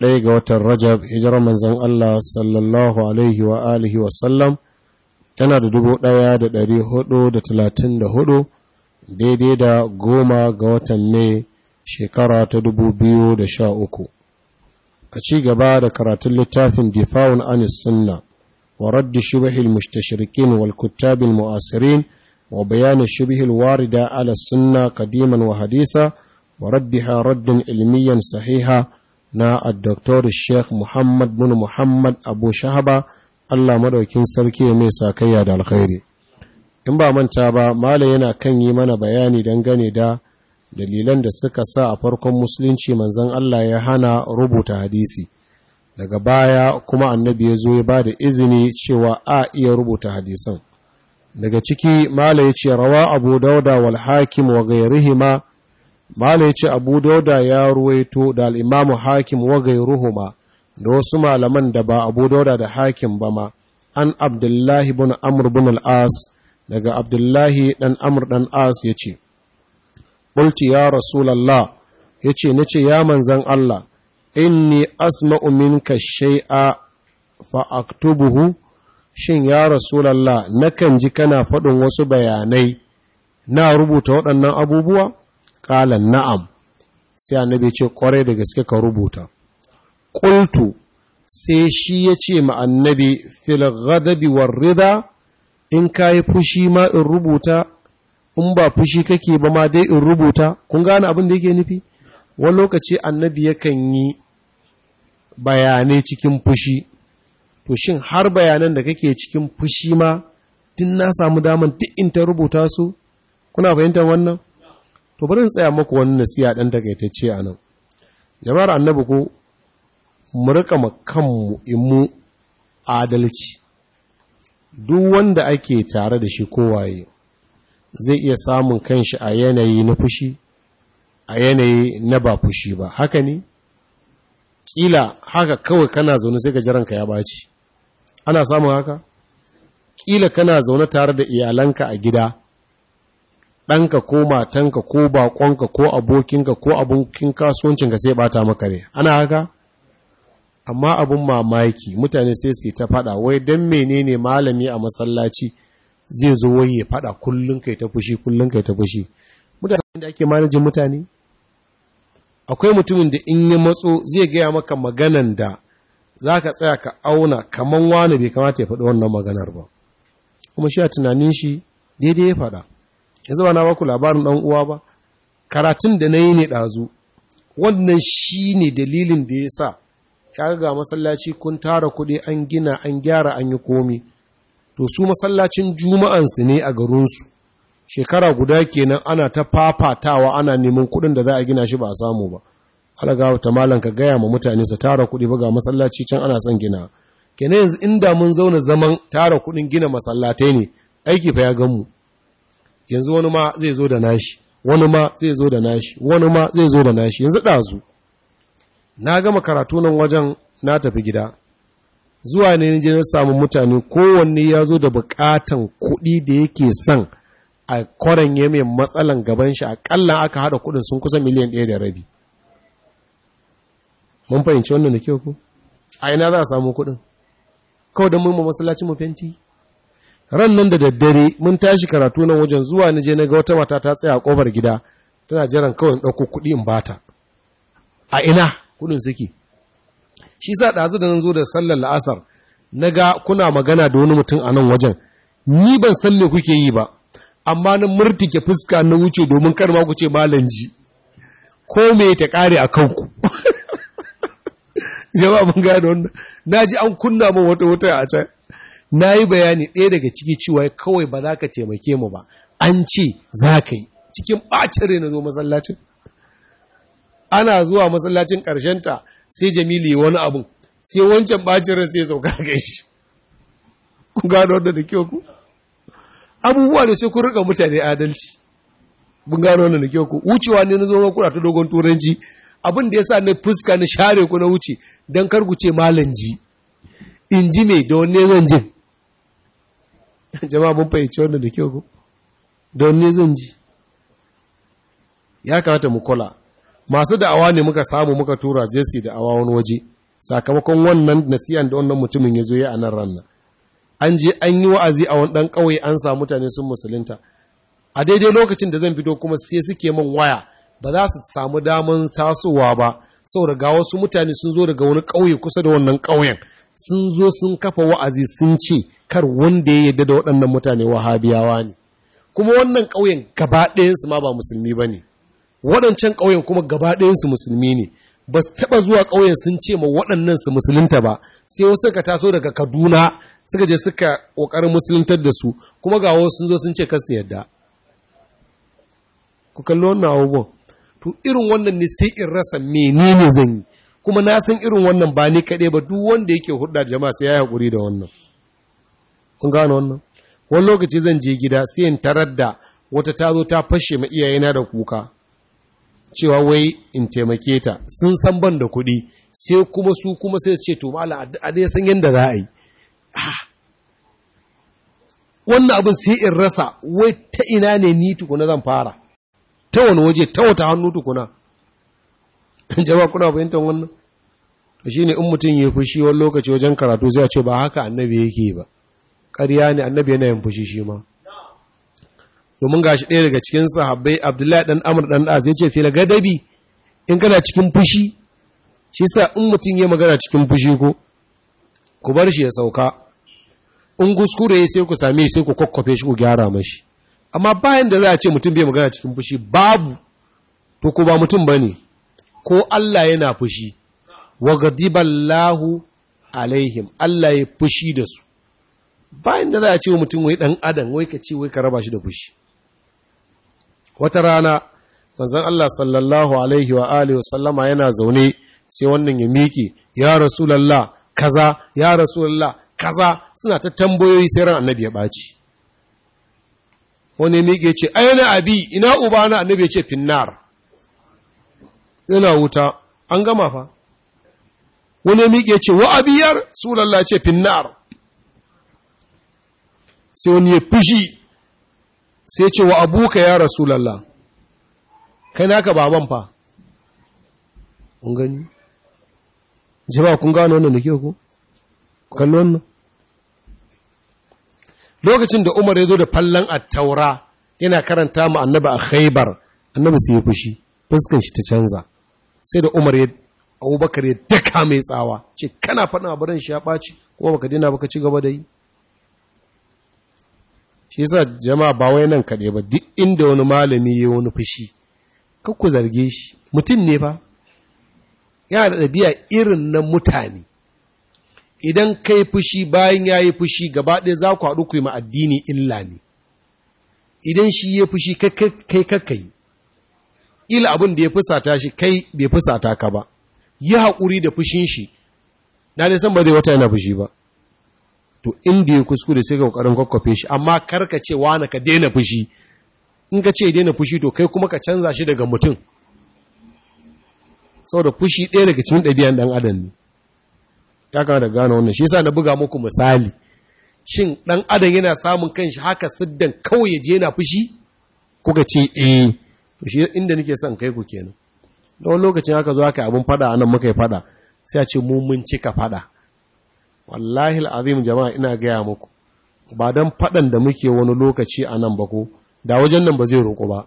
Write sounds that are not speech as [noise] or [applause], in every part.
ɗaya ga watan rajab hijirar manzon Allah sallallahu alaihi wa alihi wasallam tana da dubu ɗaya da ɗari hudu da talatin da hudu daidai da goma ga watan mai shekara ta dubu biyu da sha uku a ci gaba da karatun littafin difa'un anis sunna wa raddi shubahil mushtashirikin wal kuttabil mu'asirin wa bayani shubahil warida ala sunna kadiman wa hadisa wa raddiha raddin ilmiyan sahiha na addoktor sheikh muhammad bin muhammad abu shahaba allah maɗaukin sarki ya mai sakayya da alkhairi in ba manta ba mala yana kan yi mana bayani dangane da dalilan da suka sa a farkon musulunci manzon allah ya hana rubuta hadisi daga baya kuma annabi ya zo ya ba da izini cewa a iya rubuta hadisan daga ciki mala ya ce rawa abu dauda wal hakim wa ma. mala ya ce abu dauda ya ruwaito da al'imamu hakim wa gairuhuma da wasu malaman da ba abu dauda da hakim ba ma an abdullahi bin amur bin al'as daga abdullahi ɗan amur ɗan as ya ce ƙulci ya rasulallah ya ce na ce ya manzan Allah inni asma'u minka shai'a fa'aktubuhu shin ya rasulallah nakan ji kana faɗin wasu bayanai na rubuta waɗannan abubuwa ƙala na'am sai annabi ce ƙwarai da gaske ka rubuta ƙultu sai shi ya ce ma annabi fil ghadabi war rida in kayi fushi ma in rubuta in ba fushi kake ba ma dai in rubuta kun gane abin da yake nufi wani lokaci annabi yakan yi bayanai cikin fushi to shin har bayanan da kake cikin fushi ma tun na samu daman duk in ta rubuta su kuna fahimtar wannan to bari in tsaya muku wani nasiya dan takaitacce a nan jama'ar annabi ko mu rika kanmu in mu adalci duk wanda ake tare da shi kowaye zai iya samun kanshi a yanayi na fushi a yanayi na ba fushi ba haka ne kila haka kawai kana zaune sai ka ji ranka ya baci ana samun haka kila kana zaune tare da iyalanka a gida ɗanka ko matanka ko baƙonka ko abokinka ko abokin kasuwancinka sai bata maka ne ana haka amma abin mamaki mutane sai su ta faɗa wai don menene malami a masallaci zai zo wai ya faɗa kullum kai ta fushi kullum kai ta fushi mutane da ake manajin mutane akwai mutumin da in yi matso zai gaya maka maganan da za ka tsaya ka auna kamar wani bai kamata ya faɗi wannan maganar ba kuma shi a tunanin shi daidai ya faɗa Yanzu ba na baku labarin ɗan uwa ba karatun da na yi ne ɗazu wannan shi ne dalilin da ya sa kaga ga masallaci kun tara kuɗi an gina an gyara an yi komi to su masallacin juma'ansu ne a garinsu shekara guda kenan ana ta fafatawa ana neman kuɗin da za a gina shi ba a samu ba alaga ta malan ka gaya ma mutane su tara kuɗi ba ga masallaci can ana son gina kenan yanzu inda mun zauna zaman tara kuɗin gina masallatai ne aiki fa ya gamu yanzu wani ma zai zo da nashi wani ma zai zo da nashi wani ma zai zo da nashi yanzu ɗazu na gama karatu nan wajen na tafi gida zuwa ne je na samu mutane kowanne ya zo da bukatan kuɗi da yake son a koren ya mai matsalan gaban shi akalla aka haɗa kuɗin sun kusa miliyan ɗaya da rabi mun fahimci wannan da kyau ku a ina za a samu kuɗin kawai don mu masallacin mu fenti ran nan da daddare mun tashi karatu nan wajen zuwa na je na ga wata mata ta tsaya a kofar gida tana jiran kawai in ɗauko kuɗi in bata a ina kuɗin suke shi sa ɗazu da nan zo da sallar la'asar na ga kuna magana da wani mutum a nan wajen ni ban salle kuke yi ba amma na murtike fuska na wuce domin kar ma ku ce malam ji ko me ta kare a kanku [laughs] jama'a mun gane wannan naji an kunna min wata wata a can na yi bayani ɗaya daga ciki cewa kawai ba za ka taimake mu ba an ce za ka yi cikin ɓacin na zo masallacin ana zuwa masallacin ƙarshenta sai jamilu wani abu sai wancan ɓacin rai sai sauka ga shi ku gano wanda da kyau ku abubuwa da sai ku riƙa mutane adalci Kun gano wanda da kyau ku wucewa ne na zo kura ta dogon turanci abin da ya sa na fuska na share ku na wuce don kar ku ce malam ji in ji mai da wanne zan jin [laughs] jama'a mun fahimci wannan da kyau don ne zan ji ya kamata mu kula masu da'awa ne muka samu muka tura jesi da awa wani waje sakamakon wannan nasiyan da wannan mutumin ya zo ya nan ranna an je an yi wa'azi a wani ɗan ƙauye an sa mutane sun musulunta a daidai lokacin da zan fito kuma sai suke man waya ba za su samu daman tasowa ba da ga wasu mutane sun zo daga wani ƙauye kusa da wannan ƙauyen sun zo sun kafa wa'azi sun ce kar wanda ya yarda da waɗannan mutane wahabiyawa ne kuma wannan ƙauyen gaba ɗayansu ma ba musulmi ba ne waɗancan ƙauyen kuma gaba ɗayansu musulmi ne ba su taɓa zuwa ƙauyen sun ce ma waɗannan su musulunta ba sai wasu suka taso daga kaduna suka je suka ƙoƙarin musuluntar da su kuma ga wasu sun zo sun ce kar su yarda ku kalli wannan abubuwan to irin wannan ne sai in rasa menene zan yi kuma na san irin wannan ba ni kaɗai ba duk wanda yake hudda jama'a sai ya haƙuri da wannan kun gano wannan wani lokaci zan je gida sai in tarar da wata ta zo ta fashe ma iyayena da kuka cewa wai in taimake ta sun san ban da kuɗi sai kuma su kuma sai su ce to mala a dai san yadda za a yi ah. wannan abin sai in rasa wai ta ina ne ni tukuna zan fara ta wani waje ta wata hannu tukuna [laughs] jama kuna fahimtar wannan shi ne in mutum ya fushi wani lokaci wajen karatu zai ce ba haka annabi yake ba ƙarya ne annabi yana yin fushi shi ma domin gashi ɗaya daga cikin sahabbai abdullahi dan amur dan az zai ce fila gadabi in kana cikin fushi shi sa in mutum ya magana cikin fushi ko ku bar shi ya sauka in kuskure sai ku same sai ku kokkofe shi ku gyara mashi amma bayan da za a ce mutum bai magana cikin fushi babu to ko ba mutum ba ne. ko Allah yana fushi wa gadiballahu alaihim Allah ya fushi da su bayan da za a ce wa mutum wai ɗan adam wai ka ce wai ka raba shi da fushi wata rana manzon Allah sallallahu alaihi wa alihi wa sallama yana zaune sai wannan ya miƙe ya rasu rasulullah kaza ya rasu rasulullah kaza suna ta tambayoyi sai ran annabi ya ɓaci wani miƙe ce ayyana abi ina uba na annabi ya ce finnar yana wuta an gama fa wani miƙe ce wa abiyar sulallah ce finnar sai wani ya fushi sai ce wa abuka ya rasulallah kai ka baban fa kun gani jama'a kun gano wannan da ke ku kallo wannan lokacin da umar ya zo da fallon attaura yana karanta mu annaba a khaibar annabi sai ya fushi fuskan shi ta canza sai da umar ya abubakar ya daka mai tsawa ce kana faɗin abadan shi ya ɓaci kuma baka dina baka ci gaba da yi shi yasa jama'a ba wai nan kaɗai ba duk inda wani malami ya wani fushi kakku zarge shi mutum ne ba yana da ɗabi'a irin na mutane idan kai fushi bayan ya yi fushi gaba ɗaya za ku haɗu ku yi ma addini illa ne idan shi ya fushi kai kakkai ƙila abin da ya fusata shi kai bai fusata ka ba yi haƙuri da fushin shi na dai san ba zai wata yana fushi ba to inda ya kuskure sai ka ƙoƙarin kwakwafe shi amma kar ka ce wani ka daina fushi in ka ce daina fushi to kai kuma ka canza shi daga mutum Sau da fushi ɗaya daga cikin ɗabi'an ɗan adam ne ya kama da gane wannan shi yasa na buga muku misali shin ɗan adam yana samun kanshi haka siddan kawai ya je yana fushi kuka ce eh shi inda nake son kai ku kenan da wani lokacin haka zo aka abin fada anan muka yi fada sai a ce mu mun cika fada wallahi alazim jama'a ina gaya muku ba dan fadan da muke wani lokaci anan ba ko da wajen nan ba zai roƙo ba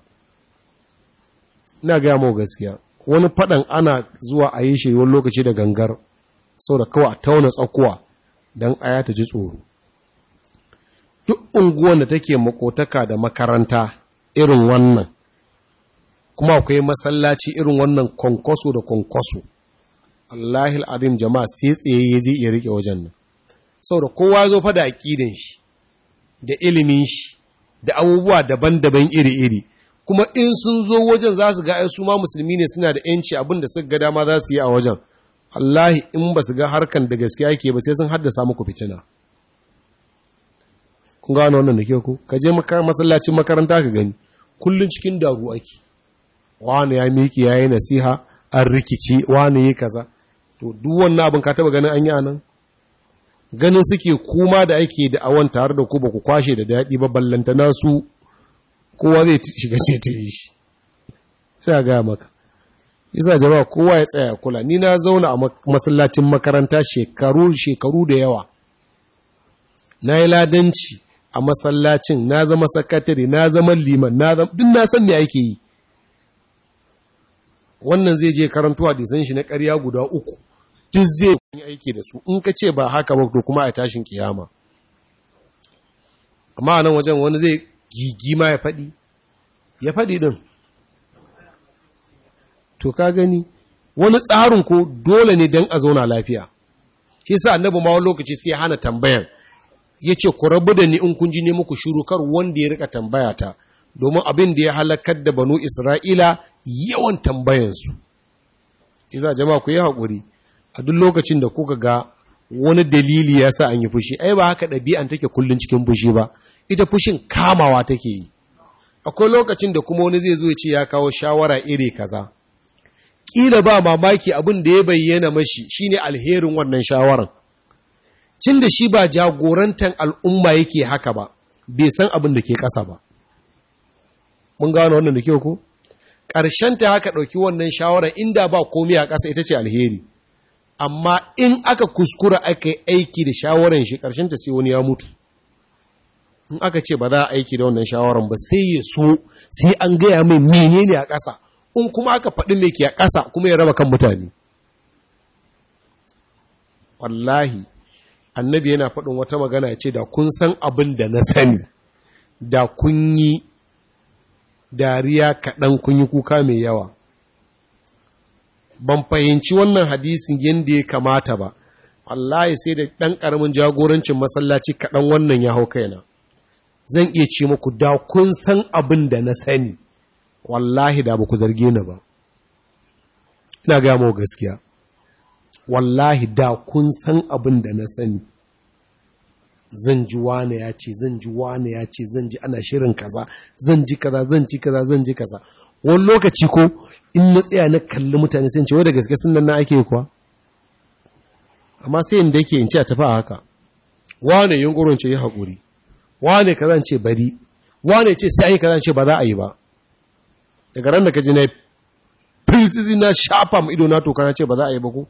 ina gaya muku gaskiya wani fadan ana zuwa a yi shi wani lokaci da gangar saboda kawai a tauna tsakuwa dan aya ta ji tsoro duk unguwan da take makotaka da makaranta irin wannan kuma akwai masallaci irin wannan kwankwaso da kwankwaso Allah jama'a sai tsaye ya zai iya riƙe wajen nan da kowa zo fada a aƙidan shi da ilimin shi da abubuwa daban-daban iri-iri kuma in sun zo wajen za su ga ai su ma musulmi ne suna da yanci abin da suka gada dama za su yi a wajen Allah in ba su ga harkan da gaskiya yake ba sai sun haddasa muku fitina kun gano wannan da ke ku ka je masallacin makaranta ka gani Kullum cikin daru ake wani ya miki ya yi nasiha an rikici wani yi kaza to duk wannan abin ka taba ganin an yi anan ganin suke kuma da ake da awon tare da ku ba ku kwashe da daɗi ba ballanta nasu kowa zai shiga ce ta yi shi sai ga maka yasa jama'a kowa ya tsaya kula ni na zauna a masallacin makaranta shekaru shekaru da yawa na yi ladanci a masallacin na zama sakatare na zama liman na zama duk na san me ake yi wannan zai je a disan shi na karya guda uku duk zai yi aiki da su in ka ce ba haka ba to kuma a tashin kiyama amma nan wajen wani zai gigi ma ya faɗi ya faɗi ɗin to ka gani wani tsarin ko dole ne don a zauna lafiya shi sa annabi ma wani lokaci sai hana tambayan ya ce ku rabu da ni in kun ji ne muku shiru kar wanda ya rika tambaya ta domin abin da ya halakar da banu isra'ila yawan tambayansu iza jama'a ku yi haƙuri a duk lokacin da kuka ga wani dalili ya sa an yi fushi ai ba haka ɗabi'an take kullum cikin fushi ba ita fushin kamawa take yi akwai lokacin da kuma wani zai zo ya ce ya kawo shawara iri kaza Ƙila ba mamaki abin da ya bayyana mashi shine alherin wannan shawaran cin da shi ba jagorantan al'umma yake haka ba bai san abin da ke ƙasa ba mun gano wannan da kyau ko ta haka ɗauki wannan shawara inda ba komai a ƙasa ita ce alheri amma in aka kuskura aka yi aiki da shawarar shi ta sai wani ya mutu in aka ce ba za a aiki da wannan shawarar ba sai ya so sai an gaya mai menene a ƙasa in kuma aka faɗi mai ke a ƙasa kuma ya raba kan mutane wallahi annabi yana faɗin wata magana ya ce da kun san abin da na sani da kun yi dariya kaɗan kun yi kuka mai yawa ban fahimci wannan hadisin yadda ya kamata ba wallahi sai da ɗan ƙaramin jagorancin masallaci kaɗan wannan ya hau kaina zan iya ce maku da kun san abin da na sani wallahi da ba ku zarge ni ba ina gamo gaskiya wallahi da kun san abin da na sani zan ji wane ya ce zan ji wane ya ce zan ji ana shirin kaza zan ji kaza zan ji kaza zan ji kaza wani lokaci ko in na tsaya na kalli mutane sai in ce da gaske sun nan na ake kuwa amma sai inda yake in ce a tafi a haka wane yunkurin ce yi haƙuri wane kaza ce bari wane ce sai an yi kaza ce ba za a yi ba daga ran da ka ji na filtizi na shafa ma ido na toka na ce ba za a yi ba ko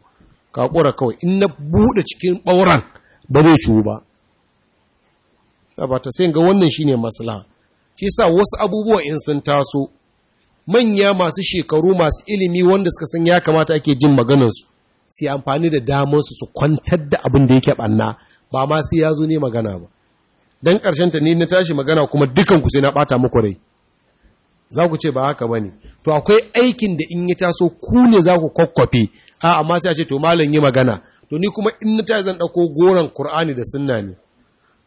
ka kura kawai in na buɗe cikin ɓauran ba zai ciwu ba sabata sai ga wannan shine maslaha shi sa wasu abubuwa in sun taso manya masu shekaru masu ilimi wanda suka san ya kamata ake jin maganarsu sai amfani da damar su kwantar da abin da yake banna ba ma sai ya zo ne magana ba don ƙarshen ta ne na tashi magana kuma dukan ku sai na ɓata muku rai za ku ce ba haka ba ne to akwai aikin da in ya taso ku ne za ku kwakwafe a amma sai ce to malam yi magana to ni kuma in na tashi zan ɗauko goron Kur'ani da sunna ne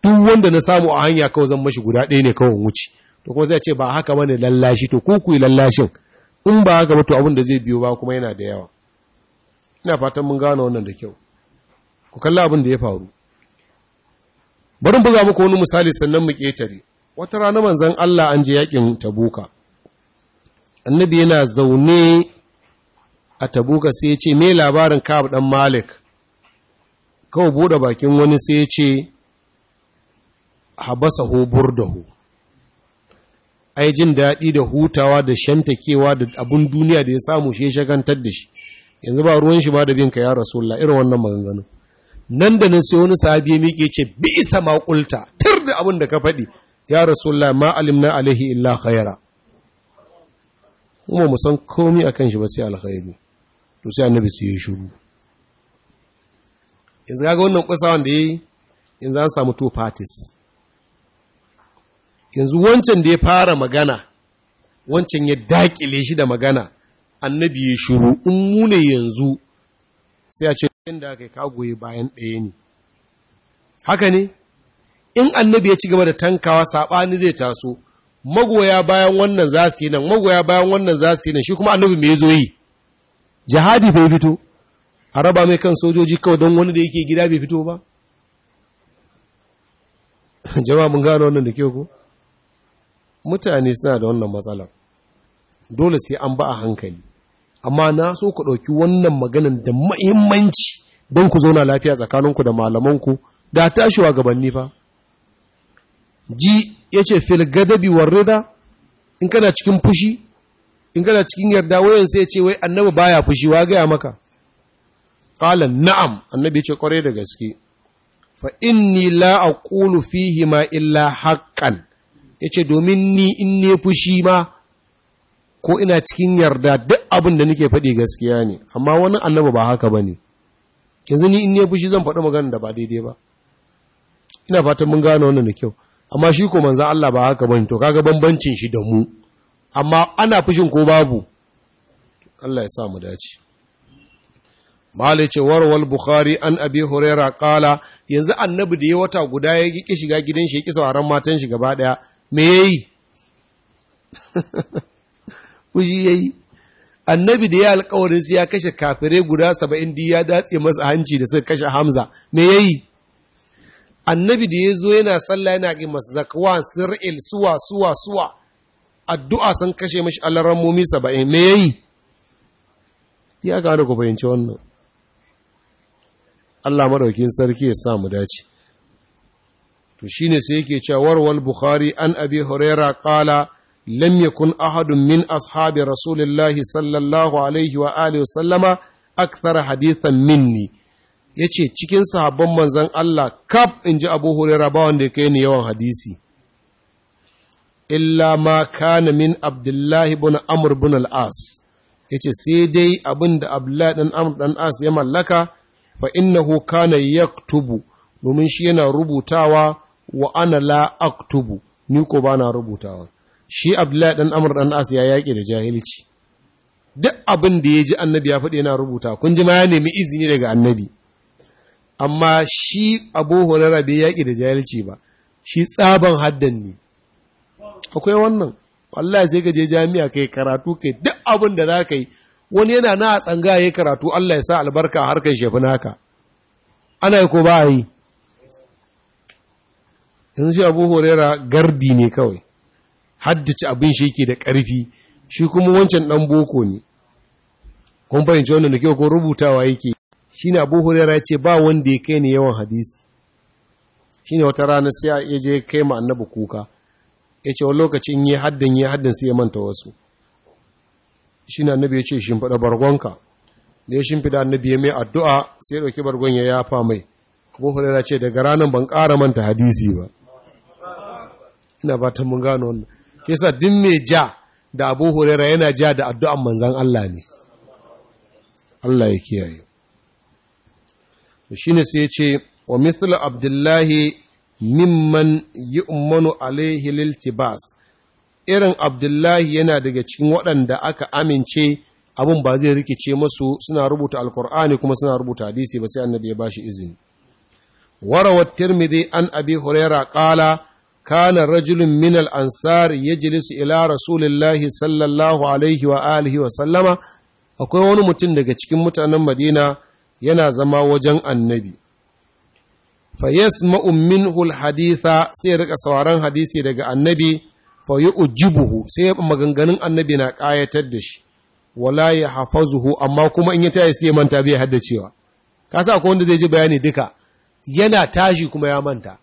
duk wanda na samu a hanya kawai zan mashi guda ɗaya ne kawai wuce to kuma zai ce ba haka bane lallashi to ku yi lallashin in ba haka ba to abin da zai biyo ba kuma yana da yawa ina fatan mun gano wannan da kyau ku kalla abin da ya faru bari buga muku wani misali sannan mu ketare wata rana manzon Allah an je yakin Tabuka annabi yana zaune a Tabuka sai ya ce me labarin Ka'ab dan Malik kawai bude bakin wani sai ya ce habasa da hu ai jin daɗi da hutawa da shantakewa da abun duniya da ya samu shi shagantar da shi yanzu ba ruwan shi ma da binka ya rasulullah irin wannan maganganu nan da nan sai wani sahabi ya miƙe ce bi isa maƙulta tir da abin da ka faɗi ya rasulullah ma alimna alaihi illa khaira kuma mu san komai akan shi ba sai alkhairi to sai annabi sai ya shiru yanzu kaga wannan kusa da yayi yanzu an samu two parties yanzu wancan da ya fara magana wancan ya dakile shi da magana annabi ya shiru in mu ne yanzu sai a ce inda aka yi kagoye bayan ɗaya ne haka ne in annabi ya ci gaba da tankawa saɓani zai taso magoya bayan wannan za su yi nan magoya bayan wannan za su yi nan shi kuma annabi mai zo yi jihadi bai fito a raba mai kan sojoji kawai don wani da yake gida bai fito ba [laughs] jama'a mun gano wannan da kyau ko mutane suna da wannan matsalar dole sai an ba a hankali amma na so ku ɗauki wannan maganan da mahimmanci don ku zauna lafiya tsakaninku da malamanku da tashi wa gabanni fa ji ya ce fil gadabi warrida in kana cikin fushi in kana cikin yarda wayan sai ya ce wai annabi baya fushi wa gaya maka qala na'am annabi ya ce kware da gaske fa inni la aqulu fihi ma illa haqqan ya ce domin ni in ne fushi ma ko ina cikin yarda duk abin da nake faɗi gaskiya ne amma wani annaba ba haka ba ne yanzu ni in ne fushi zan faɗi magana da ba daidai ba ina fatan mun gane wannan da kyau amma shi ko manzan Allah ba haka ba ne to kaga bambancin shi da mu amma ana fushin ko babu Allah ya sa mu dace malice warwal Bukhari an abi Huraira kala yanzu annabi da ya wata guda ya ki shiga gidan shi ya ki sauraron matan shi gaba daya me ya yi Kushi [laughs] ya yi annabi da ya alkawarin su ya kashe kafirai guda saba'in da ya datse masa hanci da suka kashe hamza me ya yi annabi da ya zo yana sallah yana ga masu zakawa sir'il suwa suwa suwa addu'a sun kashe mashi alarammomi saba'in me ya yi ya gane ku fahimci wannan Allah maɗaukin sarki ya sa mu dace to shine sai yake cewa warwal bukhari an abi huraira qala lam yakun ahadun min ashabi rasulillahi sallallahu alaihi wa alihi wa sallama akthar hadithan minni yace cikin sahabban manzon Allah kaf inji abu huraira ba wanda kai ni yawan hadisi illa ma kana min abdullahi ibn amr ibn al-as yace sai dai abinda abdullahi dan amr dan as ya mallaka fa innahu kana yaktubu domin shi yana rubutawa wa ana la aktubu ni ko na rubutawa shi abdullahi dan amr dan as ya yaki da jahilci duk abin da ya ji annabi ya faɗi yana rubuta kun ji ma ya nemi izini daga annabi amma shi abu hurara bai yaƙi da jahilci ba shi tsaban haddan ne akwai wannan wallahi sai ka je jami'a kai karatu kai duk abin da za ka yi wani yana na a tsanga ya karatu Allah ya sa albarka a harkar shafi naka ana yi ko ba yi yanzu shi abu horera gardi ne kawai haddace abin shi yake da ƙarfi shi kuma wancan ɗan boko ne kun fahimci wannan da kyau ko rubutawa yake shi ne abu horera ce ba wanda ya kai ne yawan hadisi shi ne wata rana sai a iya je kai ma annabi kuka ya ce wani lokacin yi haddan yi haddan sai ya manta wasu shi ne annabi ya ce shimfiɗa bargonka da ya shimfiɗa annabi ya mai addu'a sai ya ɗauki bargon ya yafa mai abu horera ce daga ranar ban ƙara manta hadisi ba ina ba ta mun gano wannan shi yasa mai ja da Abu hurera, yana ja da addu'an manzan Allah ne Allah ya kiyaye shi shine sai ya ce wa Mithila Abdullahi mimman yi umarnu alaihilil tibas irin Abdullahi yana daga cikin waɗanda aka amince abun ba zai rikice masu suna rubuta alkur'ani kuma suna rubuta hadisi ba sai annabi ya ba shi izini warawar tirmidhi an abi hurera kala kana rajulun min al-ansar yajlisu ila rasulillahi sallallahu alaihi wa alihi wa akwai wani mutum daga cikin mutanen Madina yana zama wajen annabi fa yasma'u minhu al-haditha sai rika sauraron hadisi daga annabi fa yu'jibuhu sai maganganun annabi na ƙayatar da shi wala ya hafazuhu amma kuma in ya tayi sai manta bai haddacewa kasa akwai wanda zai ji bayani duka yana tashi kuma ya manta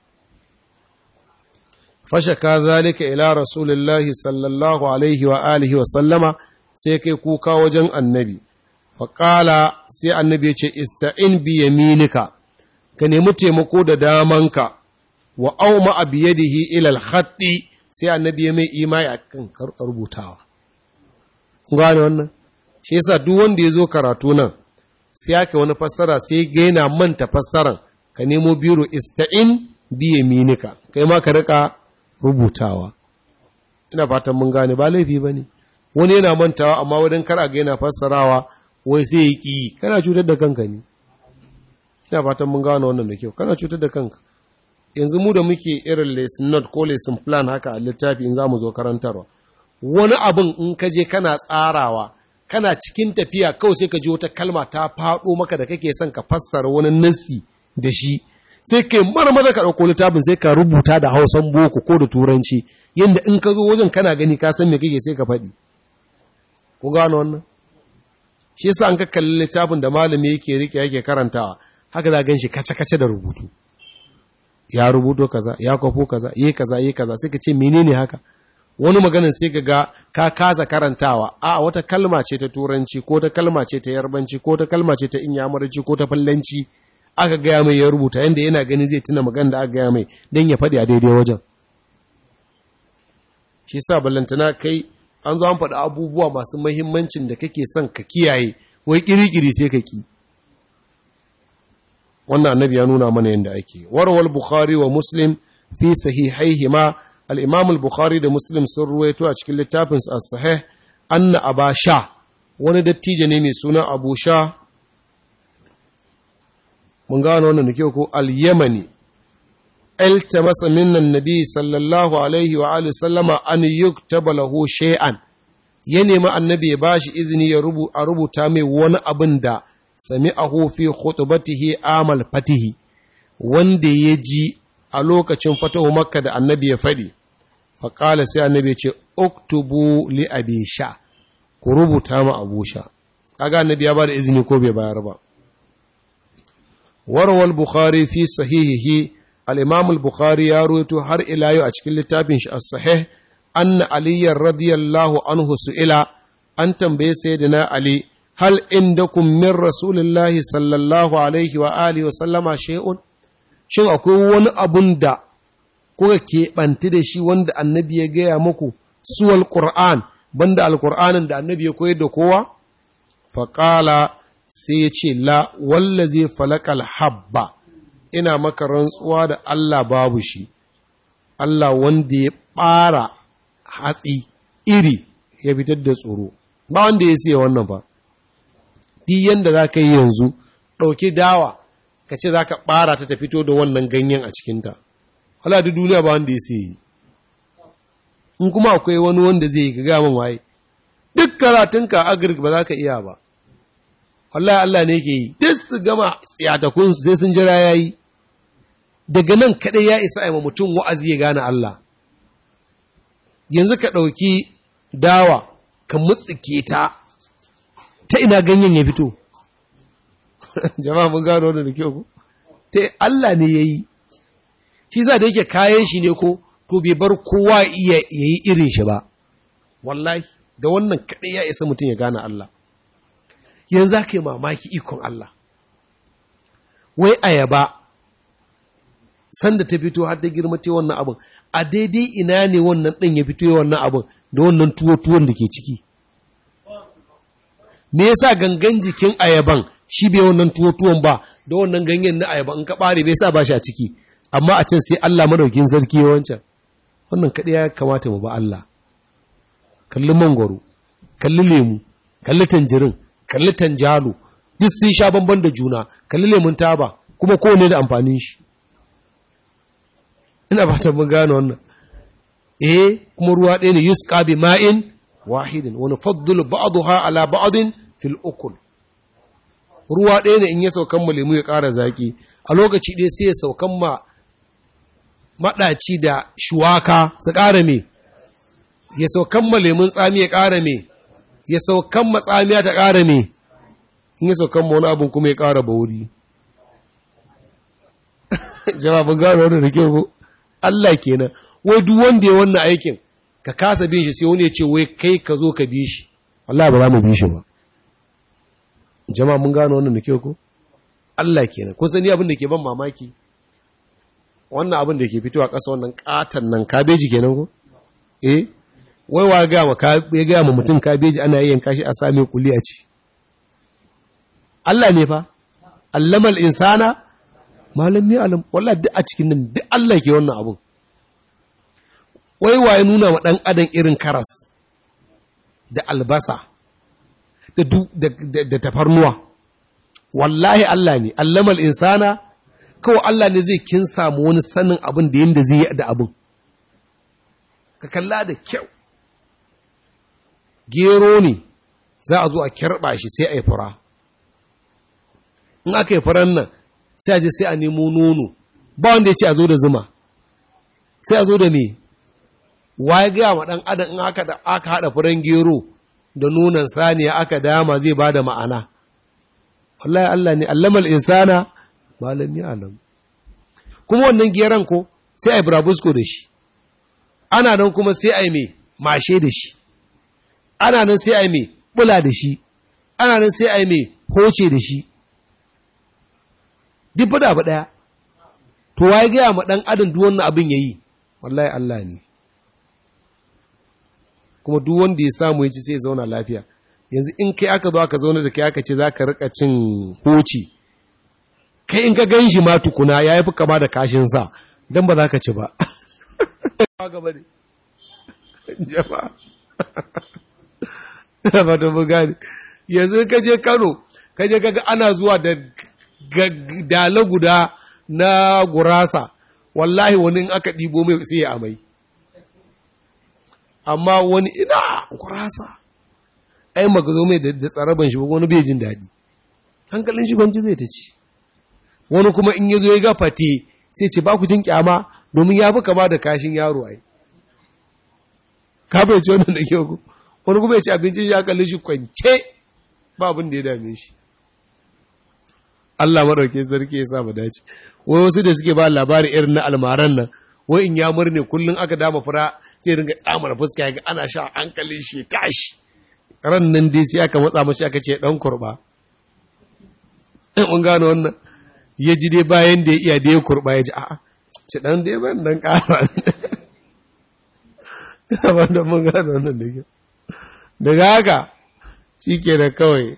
fashaka zalika ila rasulillahi sallallahu alaihi wa alihi wa sallama sai kai kuka wajen annabi faƙala sai annabi ya ce ista'in bi yaminika ka nemi taimako da damanka wa auma a biyadihi ilal khatti sai annabi ya mai imai a kan rubutawa ne wannan shi yasa duk wanda ya zo karatu nan sai ake wani fassara sai gaina manta fassaran ka nemo biro ista'in bi yaminika kai ma ka rika rubutawa ina fatan mun gane ba laifi ba ne wani yana mantawa amma wadan kar a ga yana fassarawa wai sai ya ƙi kana cutar da kanka ne ina fatan mun gane wannan da kyau kana cutar da kanka yanzu mu da muke irin lesson note ko lesson plan haka a littafi in za mu zo karantarwa wani abin in ka je kana tsarawa kana cikin tafiya kawai sai ka ji wata kalma ta faɗo maka da kake son ka fassara wani nasi da shi sai ka kai maza ka ɗauko littafin sai ka rubuta da hausan boko ko da turanci yadda in ka zo wajen kana gani ka san me kake sai ka faɗi ku gano wannan shi yasa an ka kalli littafin da malami yake rike yake karantawa haka za gan shi kace-kace da rubutu ya rubuto kaza ya kwafo kaza yi kaza yi kaza sai ka ce menene haka wani magana sai ka ga ka kaza karantawa a wata kalma ce ta turanci ko ta kalma ce ta yarbanci ko ta kalma ce ta inyamuranci ko ta fallanci aka gaya mai ya rubuta yadda yana gani zai tuna magana da aka gaya mai don ya faɗi a daidai wajen shi sa ballantana kai an zo an faɗi abubuwa masu mahimmancin da kake son ka kiyaye wai kirikiri sai ka ki wannan annabi ya nuna mana yadda ake warwal bukhari wa muslim fi sahihaihima al-imam bukhari da muslim sun ruwaito a cikin littafinsu as-sahih anna abasha wani dattijo ne mai suna abu sha mun gano wannan da ko al-yamani iltamasa min annabi sallallahu alaihi wa alihi sallama an yuktaba lahu shay'an ya nemi annabi ya bashi izini ya rubu a rubuta mai wani abin da sami'ahu fi khutbatihi amal fatihi wanda ya ji a lokacin fatahu makka da annabi ya fadi fa qala sai annabi ya ce uktubu li abisha ku rubuta mu abusha kaga annabi ya ba da izini ko bai bayar ba warwal bukhari fi sahihihi al-imam bukhari ya ruwaito har ila yau a cikin littafin shi as-sahih anna aliyyar radiyallahu anhu su'ila an tambaye sayyidina ali hal indakum min rasulillahi sallallahu alaihi wa alihi wa sallama shay'un shin akwai wani abun da kuka keɓanti da shi wanda annabi ya gaya muku suwal qur'an banda alqur'anin da annabi ya koyar da kowa faqala sai ya ce la wanda zai falakal habba ina maka rantsuwa da Allah babu shi Allah wanda ya ɓara hatsi iri ya fitar da tsoro ba wanda ya siya wannan ba di yanda za ka yi yanzu ɗauki dawa ka ce za ka ɓara ta tafito da wannan ganyen a cikinta hala da duniya ba wanda ya siya yi in kuma akwai wani wanda zai yi ka gama waye duk karatunka agirka ba za ka iya ba wallahi Allah ne ke yi duk su gama tsiyatakun sai sun jira ya yi. daga nan kaɗai ya isa a mutum wa'azi ya gane Allah yanzu ka ɗauki dawa ka mutsike ta ta ina ganyen ya fito [laughs] jama'a mun gano da da kyau ku. ta Allah ne ya yi. shi za da yake kayan shi ne ko to bai bar kowa iya yi irin shi ba wallahi da wannan kaɗai ya isa mutum ya gane Allah yanzu ka yi mamaki ikon Allah wai ayaba sanda ta fito har da girma ta wannan abin a daidai ina ne wannan ɗin ya fito wannan abin da wannan tuwo-tuwon da ke ciki me yasa gangan jikin ayaban shi bai wannan tuwo-tuwon ba da wannan ganyen na ayaba in ka bare bai sa ba shi a ciki amma a can sai Allah madaukin sarki ya wancan wannan kadai ya kamata mu ba Allah kalli mangwaro kalli lemu kalli tanjirin kalli tanjalo duk sun sha bamban da juna kalli lemun taba kuma kowane da amfanin shi ina ba ta mun gane wannan eh kuma ruwa ɗaya ne yusqa bi ma'in wahidin wani faddul ha ala ba'din fil ukul ruwa ɗaya ne in ya saukan ma lemu ya ƙara zaki a lokaci ɗaya sai ya saukan ma maɗaci da shuwaka su ƙara me ya saukan ma lemun tsami ya ƙara me ya saukan matsamiya ta ƙara me? in ya saukan ma wani abin kuma ya ƙara bauri [laughs] jawabin gano wani rikin ku? Allah kenan wai duk wanda ya wannan aikin ka kasa bin shi sai wani ya ce wai kai ka zo ka bi shi Allah ba za mu bi shi ba Jam'a mun gano wannan rike ko Allah kenan kun sani abin da ke ban mamaki wannan abin da ke fitowa ƙasa wannan ƙatan nan kabeji kenan ko eh wai wa ga ma ya ga mutum kabeji ana yanka shi a sami kuli ci Allah ne fa allamal insana malam alam wallahi duk a cikin nan duk Allah ke wannan abun wai ya nuna ma dan adam irin karas da albasa da tafarnuwa wallahi Allah ne allamal insana kawai Allah ne zai kin samu wani sanin abin da yanda zai yi da abin ka kalla da kyau gero ne za a zo a kirɓa shi sai a yi fura in aka yi furan nan sai a je sai a nemo nono ba wanda ya ce a zo da zuma sai a zo da me ya gaya ma ɗan adam in aka haɗa furen gero da nonon saniya aka dama zai ba da ma'ana wallahi Allah ne allamal insana malam ya alam kuma wannan geron ko sai a yi busko da shi ana nan kuma sai a yi mai mashe da shi ana nan sai a yi mai bula da shi ana nan sai a yi mai hoce da shi duk bada ba ɗaya to waye gaya ma ɗan adam duk wannan abin ya yi wallahi Allah ne kuma duk wanda ya samu ya ci sai ya zauna lafiya yanzu in kai aka zo aka zauna da kai aka ce za ka rika cin hoci kai in ka gan shi ma tukuna ya yi fi kama da kashin sa don ba za ka ci ba [laughs] jama'a [laughs] ba da mu gani yanzu ka je Kano ka je kaga ana zuwa da dala guda na gurasa wallahi wani in aka ɗibo mai sai ya amai amma wani ina gurasa ai magazo mai da tsaraban shi wani bai jin daɗi hankalin shi banci zai ta ci wani kuma in ya zo ya ga fate sai ce ba ku jin kyama domin ya fi kama da kashin yaro ai ka bai ci wannan da kyau wani kuma ya ci abincin ya kalli shi kwance ba abin da ya dame shi Allah maɗauke sarki ya sa mu dace wai wasu da suke ba labari irin na almaran nan wai in ya murne kullum aka dama fura sai ringa tsamar fuska ya ga ana sha hankalin shi tashi ran nan dai sai aka matsa mashi aka ce dan kurba mun gano wannan ya ji dai bayan da ya iya da ya kurba ya ji a'a ci dan dai ban dan ƙara [laughs] ba da mun gano wannan da kyau daga haka shi ke da kawai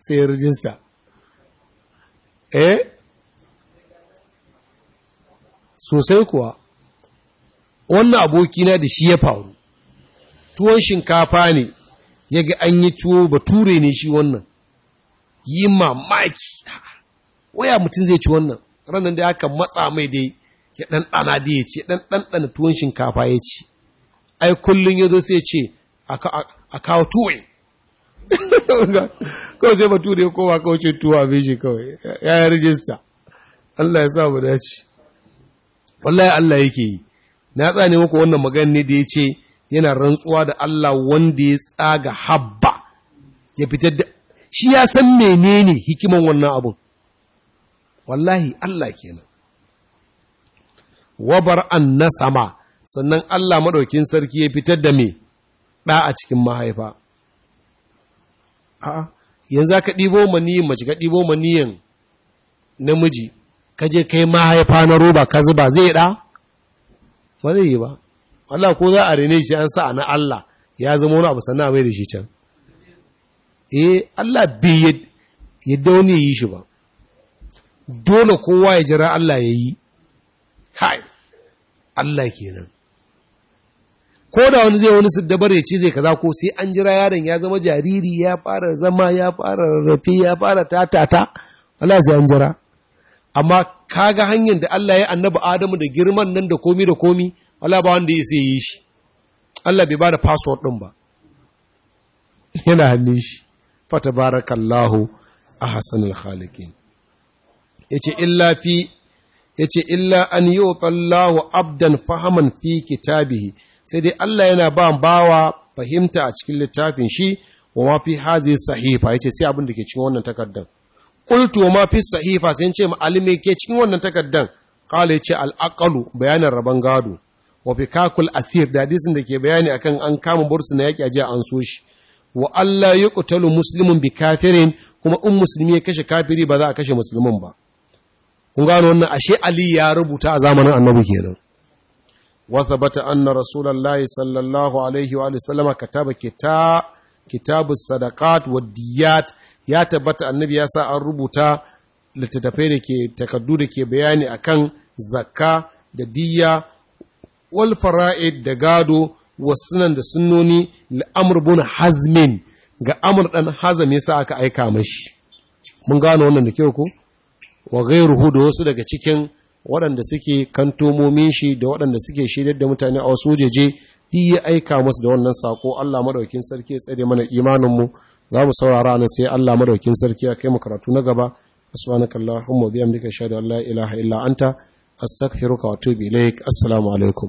tsayarjinsa. eh sosai kuwa wannan abokina da shi ya faru tuwon shinkafa ne ya ga an yi tuwo bature ne shi wannan yi mamaki waya mutum zai ci wannan ranar da aka matsa mai dai ya ɗanɗana da ya ce ɗanɗana tuwon shinkafa ya ci ai kullum ya zo sai ce a kawo tuwe [laughs] kawai sai bature kowa kawace tuwa bai shi kawai ya yi rijista Allah ya sa mu dace wallahi Allah yake yi na tsane muku wannan magana ne da ya ce yana rantsuwa da Allah wanda ya tsaga habba ya fitar da shi ya san menene hikiman wannan abun wallahi Allah kenan wabar an na sama sannan Allah madaukin sarki ya fitar da me ɗa a cikin mahaifa a'a yanzu aka ɗibo maniyin mace ka ɗibo maniyin namiji ka je kai mahaifa na roba ka zuba zai ɗa ba zai yi ba Allah ko za a rene shi an sa na Allah ya zama wani abu sannan mai da shi can eh Allah bai yadda wani ya yi shi ba dole kowa ya jira Allah ya yi kai Allah kenan ko da wani zai wani siddabar ya ce zai kaza ko sai an jira yaron ya zama jariri ya fara zama ya fara rarrafe ya fara tatata Allah sai an jira amma kaga hanyar da Allah ya annabi Adamu da girman nan da komi da komi Allah ba wanda ya sai yi shi Allah bai bada password din ba yana hannun shi tabarakallahu ahsanul khaliqin yace illa fi yace illa an yu'ta Allahu abdan fahaman fi kitabihi sai dai Allah yana ba bawa fahimta a cikin littafin shi wa ma fi hazi sahifa yace sai abin da ke cikin wannan takardan. qultu wa ma fi sahifa sai ce ma'alime ke cikin wannan takardan. qala yace al aqalu bayanin rabon gado wa fi kakul asir da hadisin da ke bayani akan an kama bursu na yaki aje an so shi wa Allah yuqtalu muslimun bi kafirin kuma in musulmi ya kashe kafiri ba za a kashe musulmin ba kun gano wannan ashe Ali ya rubuta a zamanin annabi kenan وثبت أن رسول الله صلى الله عليه وآله وسلم كتب كتاب كتاب الصدقات والديات يا تبت النبي يا سا الربوتا littattafai da ke takardu da ke bayani akan zakka da diyya wal da gado wasunan da sunnoni la'amr bin hazmin ga amr dan hazam yasa aka aika mashi mun gano wannan da kyau ko wa ghairuhu da wasu daga cikin waɗanda suke kantomomin shi da waɗanda suke shiryar da mutane a wasu jeje je ya aika musu da wannan sako Allah maɗaukin sarki ya tsere mana imaninmu za mu saurara na sai Allah maɗaukin sarki ya kai mu karatu na gaba subhanaka allahumma bihamdika ashhadu an la ilaha illa anta astaghfiruka wa atubu ilaik assalamu alaikum